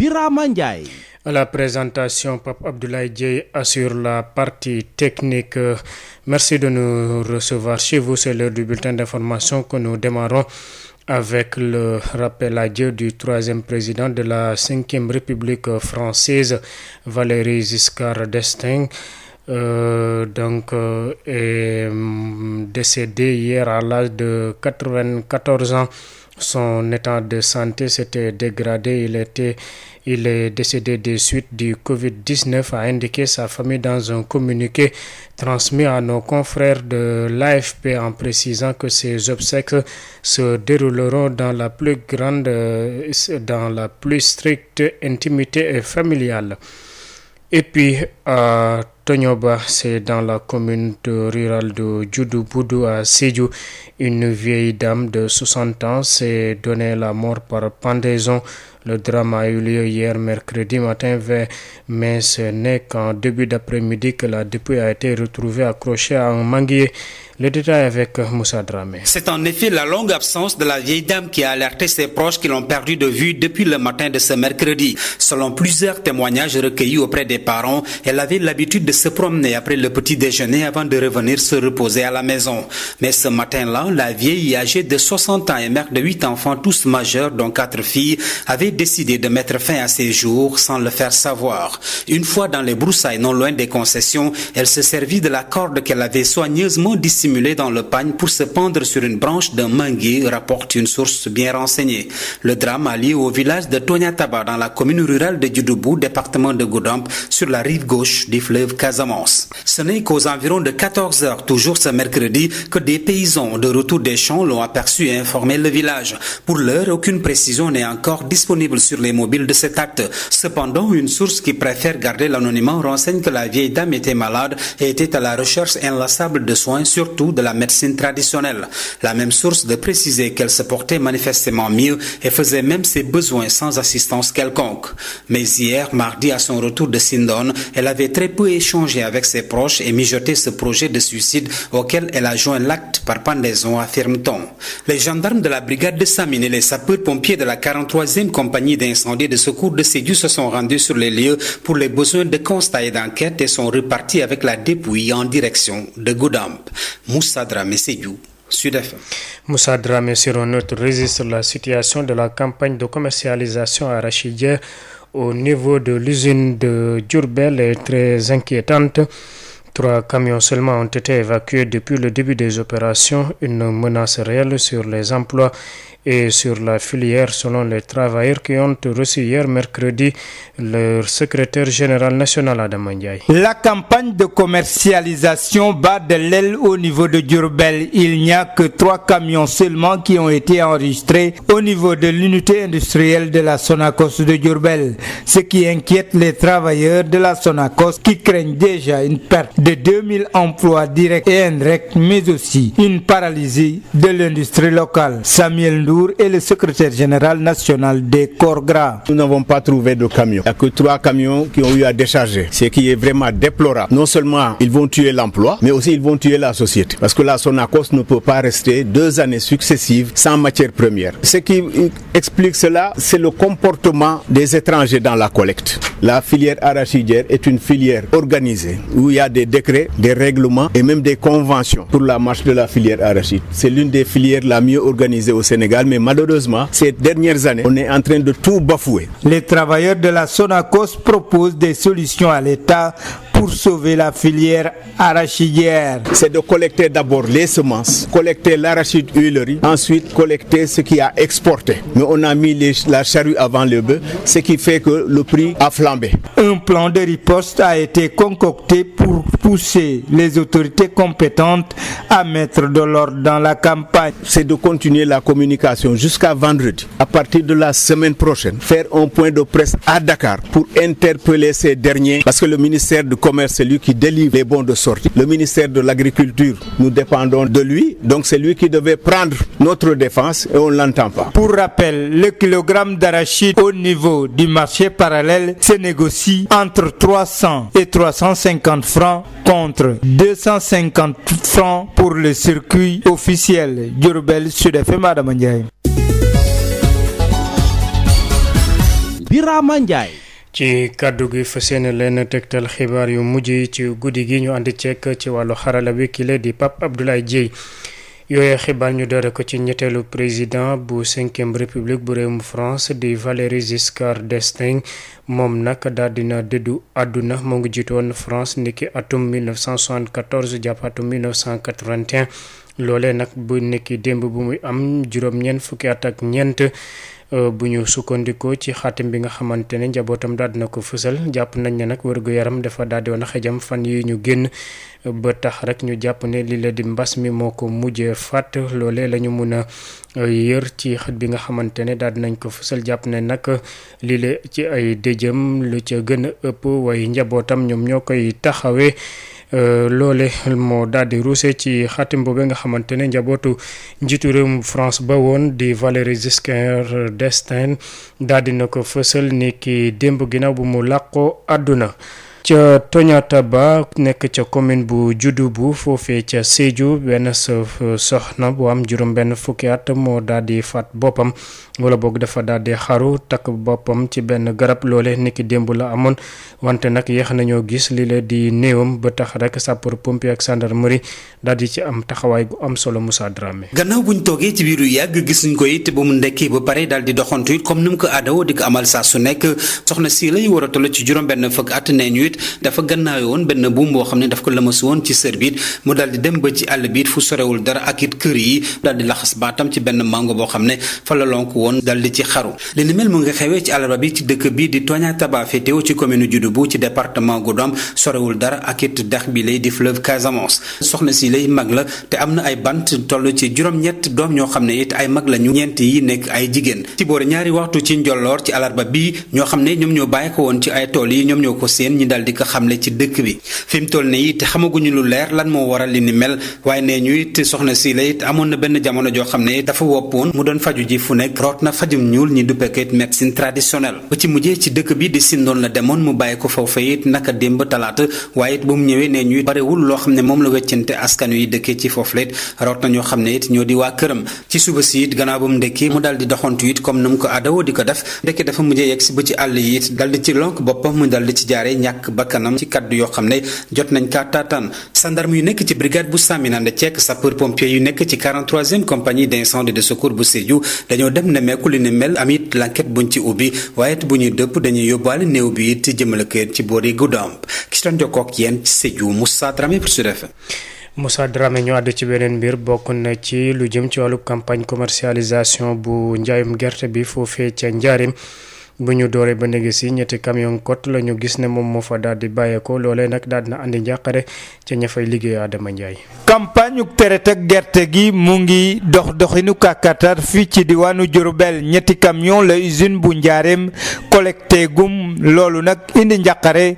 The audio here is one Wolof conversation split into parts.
Birama Ndiaye. À la présentation, Pape Abdoulaye Dieye assure la partie technique. Merci de nous recevoir chez vous. C'est l'heure du bulletin d'information que nous démarrons avec le rappel à Dieu du troisième président de la Cinquième République française, Valéry Giscard d'Estaing. Euh, donc euh, est décédé hier à l'âge de 94 ans. Son état de santé s'était dégradé. Il était, il est décédé des suites du Covid-19, a indiqué sa famille dans un communiqué transmis à nos confrères de l'AFP en précisant que ses obsèques se dérouleront dans la plus grande, dans la plus stricte intimité familiale. Et puis à Tonioba, c'est dans la commune de rurale de Djoudou-Boudou à Sédhiou, une vieille dame de 60 ans s'est donnée la mort par pendaison. Le drame a eu lieu hier mercredi matin vers mais ce n'est qu'en début d'après-midi que la dépouille a été retrouvée accrochée à un manguier. Le détail avec euh, Moussa Dramé. C'est en effet la longue absence de la vieille dame qui a alerté ses proches qui l'ont perdu de vue depuis le matin de ce mercredi. Selon plusieurs témoignages recueillis auprès des parents, elle avait l'habitude de se promener après le petit déjeuner avant de revenir se reposer à la maison. Mais ce matin-là, la vieille âgée de ans et mère de 8 enfants, tous majeurs dont 4 filles, avait décidé de mettre fin à ses jours sans le faire savoir. dissimulé dans le pagne pour se pendre sur une branche d'un manguier, rapporte une source bien renseignée. Le drame a lieu au village de Tonyataba, dans la commune rurale de Djudoubou, département de Goudamp, sur la rive gauche du fleuve Casamance. Ce n'est qu'aux environs de heures, toujours ce mercredi, que des paysans de retour des champs l'ont aperçu informé le village. Pour l'heure, aucune précision n'est encore disponible sur les mobiles de cet acte. Cependant, une surtout de la médecine traditionnelle. La même source de préciser qu'elle se portait manifestement mieux et faisait même ses besoins sans assistance quelconque. Mais hier, mardi, à son retour de Sindon, elle avait très peu échangé avec ses proches et mijoté ce projet de suicide auquel elle a joint l'acte par pendaison, affirme-t-on. Les gendarmes de la brigade de Samine et les sapeurs-pompiers de la 43e compagnie d'incendie de secours de Sédu Moussa Dramé Sédhiou. Moussa Dramé sur un autre registre la situation de la campagne de commercialisation arachidière au niveau de l'usine de Diourbel est très inquiétante. Trois camions seulement ont été évacués depuis le début des opérations, une menace réelle sur les emplois et sur la filière selon les travailleurs qui ont reçu hier mercredi leur secrétaire général national Adama Ndiaye. La campagne de commercialisation bat de l'aile au niveau de Diourbel. Il n'y a que trois camions seulement qui ont été enregistrés au niveau de l'unité industrielle de la Sonacos de Diourbel, ce qui inquiète les travailleurs de la Sonacos qui craignent déjà une perte de 2000 emplois directs et indirects, mais aussi une paralysie de l'industrie locale. Samuel Ndour est le secrétaire général national des corps gras. Nous n'avons pas trouvé de camions. Il n'y a que trois camions qui ont eu à décharger, ce qui est vraiment déplorable. Non seulement ils vont tuer l'emploi, mais aussi ils vont tuer la société. Parce que la Sonacos ne peut pas rester deux années successives sans matière première. Ce qui explique cela, c'est le comportement des étrangers dans la collecte. La filière arachidière est une filière organisée où il y a des décrets, des règlements et même des la marche la filière arachide. C'est Sénégal, mais malheureusement, ces dernières années, on est en train de tout bafouer. Les travailleurs de la Sonacos proposent des solutions à l'État pour sauver la filière arachidière. C'est de collecter d'abord les semences, collecter l'arachide huilerie, ensuite collecter ce qui a exporté. Mais on a mis la charrue avant le bœuf, ce qui fait que le prix a flambé. Un plan de riposte a été concocté pour pousser les autorités compétentes à mettre de l'ordre dans la campagne. C'est de continuer la communication jusqu'à vendredi. À partir de la semaine prochaine, faire un point à pour interpeller ces derniers parce que le commerce, c'est lui qui délivre les de sortie. Le ministère de l'Agriculture, nous dépendons de lui, donc c'est lui qui devait prendre notre défense et on ne l'entend pas. Pour rappel, le kilogramme d'arachide au niveau du marché parallèle se négocie entre 300 et 350 francs contre 250 francs pour le circuit officiel. Durbel Sud FM, Madame Ndiaye. Birama Ndiaye. ci kàddu gi fas yéene leen tegtal xibaar yu mujj yi ci guddi gi ñu àndi ceek ci wàllu xarala bi kile di Pape Abdoulaye Dièye yooye xibaar ñu doore ko ci ñetteelu président bu cinquième république bu réewum France di Valéry Giscard d'Estaing moom nag daal dina dëddu àdduna moo ngi jiitoon France niki atum 1974 jàpp atum 1981 loole nag bu nekki démb bu muy am juróom-ñeent fukki at ak ñeent euh, bu ñu sukkandikoo ci xaatim bi nga xamante ne njabootam daal dina ko fusal jàpp nañ ne nag wërgu yaram dafa daal di woon xejam fan yi ñu génn ba tax rek ñu jàpp ne li la di mbas mi moo ko mujjee fàtt loole lañu ñu mun a euh, yër ci xët bi nga xamante ne daal dinañ ko fusal jàpp ne nag lii la ci ay dëjëm lu ca gën a ëpp waaye njabootam ñoom ñoo koy taxawee. Euh, loole moo daal di ruuse ci xaatim nga xamante ne njabootu njiitu réewum France ba woon di Valéry Giscard d'Estaing daal di na ko fësal ni ki démb ginnaaw bu mu làqoo àdduna ca Toñaata ba nekk ca commune bu juddu bu foofee ca Sédhiou benn soxna bu am juróom benn fukki at moo daal di faat boppam wala boog dafa daal di xaru takk boppam ci benn garab loole niki démb la amoon wante nag yéex nañoo gis li la di néewam ba tax rek sapeur pompier ak gendarmerie daal di ci am taxawaay bu am solo Moussa Dramé. gannaaw buñ toogee ci biiru yàgg gis nañ ko it ba mu ndekkee ba pare daal doxantu comme ni mu ko aadawoo di ko amal saa benn fukki at it dafa gannaaw woon benn buum boo xam ne daf ko lëmas woon ci sër bi mu daal dem ba ci àll bi it fu sorewul dara ak it kër yi daal di laxas baatam ci benn mango boo xam ne fa la lonk woon daal di ci xaru li ni mel mu nga xewee ci àllarba bi ci dëkk bi di Togna Taba féetewu ci commune Dioudoubou ci département Goudomp sorewul dara ak it dex bi lay di fleuve Casamance soxna si lay mag la te am na ay bant toll ci juróom-ñett doom ñoo xam ne it ay mag lañu ñeent yi nekk ay jigéen ci boori ñaari waxtu ci njolloor bi daal di ko xamle ci dëkk bi fi toll nii it xamaguñu lu leer lan moo waral li ni mel waaye nee ñu it soxna si it amoon na benn jamono joo xam ne dafa woppoon mu doon faju ji fu nekk root na fajum ñuul ñi duppe mu bàyyi ko foofa it naka démb talaata waaye it bu loo xam ne moom la weccante askan wi dëkkee ci foofu la it ñoo xam ne it ñoo di waa këram ci suba si it gannaaw ba mu ndekki mu daal di doxantu it comme na mu ko adawoo di ko def ndekki dafa mujjee yegg si ci àll yi it dal ci lonk boppam mu dal ci jaare ñàkk bakkanam ci kaddu yoo xam ne jot nañ kaa taataan sandarme yu nekk ci brigade bu Samina ànd ceek sapeur pompier yu nekk ci 43e compagnie d'incendie de secours bu Sédhiou dañoo dem ne meeku li ne mel am it l'enquête buñ ci ubbi waaye it bu ñuy dëpp dañuy yóbbaale néew bi it jëmale ko ci boori Goudomp ki ci doon jokkoo ak yéen ci Sédhiou Moussa Dramé pour Sud FM Moussa Dramé ñu àddu ci beneen mbir bokk na ci lu jëm ci wàllu campagne commercialisation bu njaayum gerte bi foofee ca Njaarim bu ñu dooree ba ndege si ñetti camion kot la ñu gis ne moom moo fa daal di bàyyeekoo loolee nag daal di na andi njàqare ca ña fay liggéey Adama Ndiaye. campagne traite ak gerte gi mu ngi dox doxinu kàkkatar fii ci diwaanu Diourbel ñetti camion la usine bu njaareem collecté gum loolu nag indi njàqare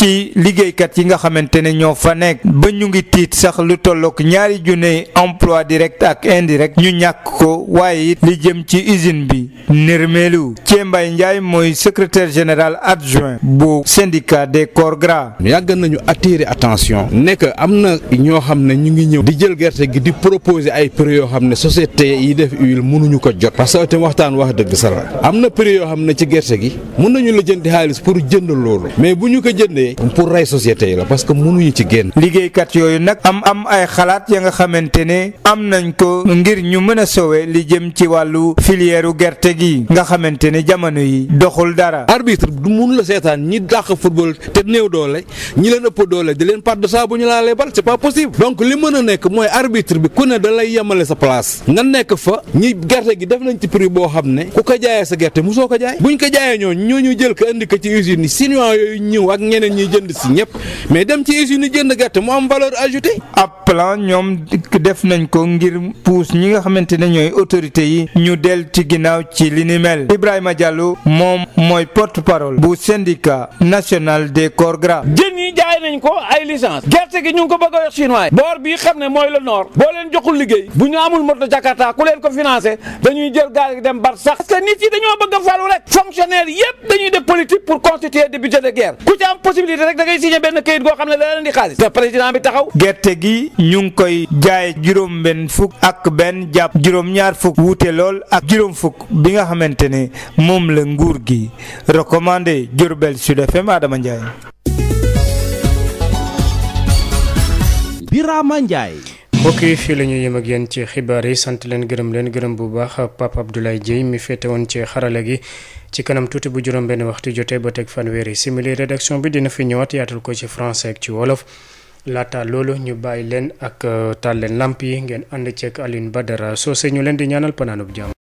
ci liggéeykat yi nga xamante ne ñoo fa nekk ba ñu ngi tiit sax lu tollook ñaari junne emplois direct ak indirect ñu ñàkk ko waaye it li jëm ci usine bi ci Thiembaye Ndiaye mooy secretaire général adjoint bu syndicat des corps gras. yàgg nañu attirer attention nekk am na ñoo xam ne ñu ngi ñëw di jël gerte gi di proposer ay prix yoo xam ne société yi def huile mënuñu ko jot parce que tam waxtaan wax dëgg sa am na prix yoo xam ne ci gerte gi mën nañu la jënd xaalis pour jënd loolu liggéey pour rey société yi la parce que mënuñu ci génn liggéeykat yooyu nag am am ay xalaat ya nga xamante ne am nañ ko ngir ñu mën a sowe li jëm ci wàllu filière gerte gi nga xamante ne jamono yi doxul dara. arbitre du mun la seetaan ñi dàq football te néew doole ñi leen ëpp doole di leen part de saa bu ñu laalee bal c'est pas possible donc li mën a nekk mooy arbitre bi ku ne da lay yemale sa place nga nekk fa ñi gerte gi def nañ ci prix boo xam ne ku ko jaayee sa ñuy jënd si ñëpp mais dem ci usine yi jënd gerte mu am valeur ajoutée. ab plan ñoom def nañ ko ngir puus ñi nga xamante ne ñooy autorités yi ñu del ci ginnaaw ci li ni mel Ibrahima Diallo moom mooy porte parole bu syndicat national de corps gras. jën yi jaay nañ ko ay licence gerte gi ñu ngi ko bëgg a wax chinois yi boor bii xam ne mooy le nord boo leen joxul liggéey bu ñu amul moto Jakarta ku leen ko financé dañuy jël gaal gi dem bar sax parce que nit yi dañoo bëgg a falu rek fonctionnaire yépp dañuy def politique de guerre ku ci am possibilité nit rek da ngay signé benn kayit goo xam ne da leen di xaalis te président bi taxaw gerte gi ñu ngi koy jaay juróom benn fukk ak benn jàpp juróom ñaar fukk wuute lool ak juróom fukk bi nga xamante ne moom la nguur gi recommandé Diourbel Sud FM Adama Ndiaye Birama mbokk yi fii la ñu yem ak yéen ci xibaar yi sant leen gërëm leen gërëm bu baax Pape Abdoulaye Dieye mi féete woon ci xarala gi ci kanam tuuti bu juróom benn waxtu jotee ba teg fanweeri simili rédaction bi dina fi ñëwaat yaatal ko ci français ak ci wolof laata loolu ñu bàyyi leen ak taal leen làmp yi ngeen ànd ceeg Alioune Badara Socé ñu leen di ñaanal panaanub jàmm